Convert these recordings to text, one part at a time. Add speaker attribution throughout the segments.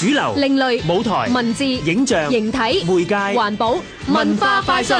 Speaker 1: 主流、另類舞台、文字、影像、形體、媒介、環保、文化快訊。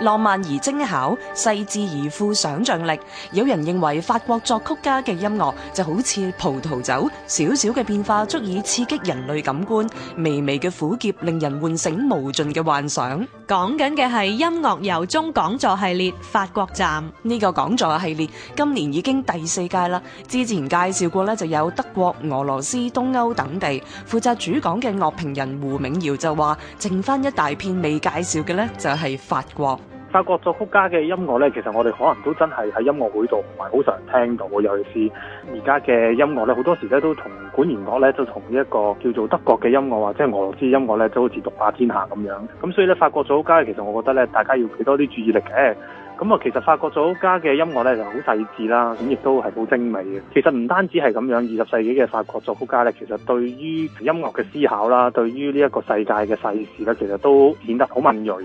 Speaker 1: 浪漫而精巧，細緻而富想像力。有人認為法國作曲家嘅音樂就好似葡萄酒，小小嘅變化足以刺激人類感官，微微嘅苦澀令人喚醒無盡嘅幻想。講緊嘅係音樂遊中講座系列法國站呢個講座嘅系列今年已經第四屆啦。之前介紹過咧就有德國、俄羅斯、東歐等地負責主講嘅樂評人胡銘堯就話，剩返一大
Speaker 2: 片未介紹嘅咧就係法國。法國作曲家嘅音樂呢，其實我哋可能都真係喺音樂會度，唔係好常聽到。尤其是而家嘅音樂呢，好多時咧都同管弦樂呢，都同一個叫做德國嘅音樂，或者係俄羅斯音樂呢，都好似獨霸天下咁樣。咁所以呢，法國作曲家其實我覺得呢，大家要俾多啲注意力嘅。咁啊，其實法國作曲家嘅音樂呢，就好細緻啦，咁亦都係好精美嘅。其實唔單止係咁樣，二十世紀嘅法國作曲家呢，其實對於音樂嘅思考啦，對於呢一個世界嘅世事呢，其實都顯得好敏鋭。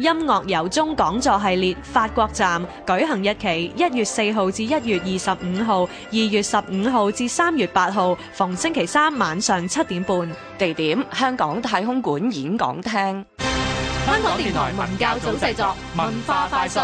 Speaker 1: 音樂由中講座系列法國站舉行日期：一月四號至一月二十五號，二月十五號至三月八號，逢星期三晚上七點半，地點：香港太空館演講廳。香港電臺文教組製作，文化快訊。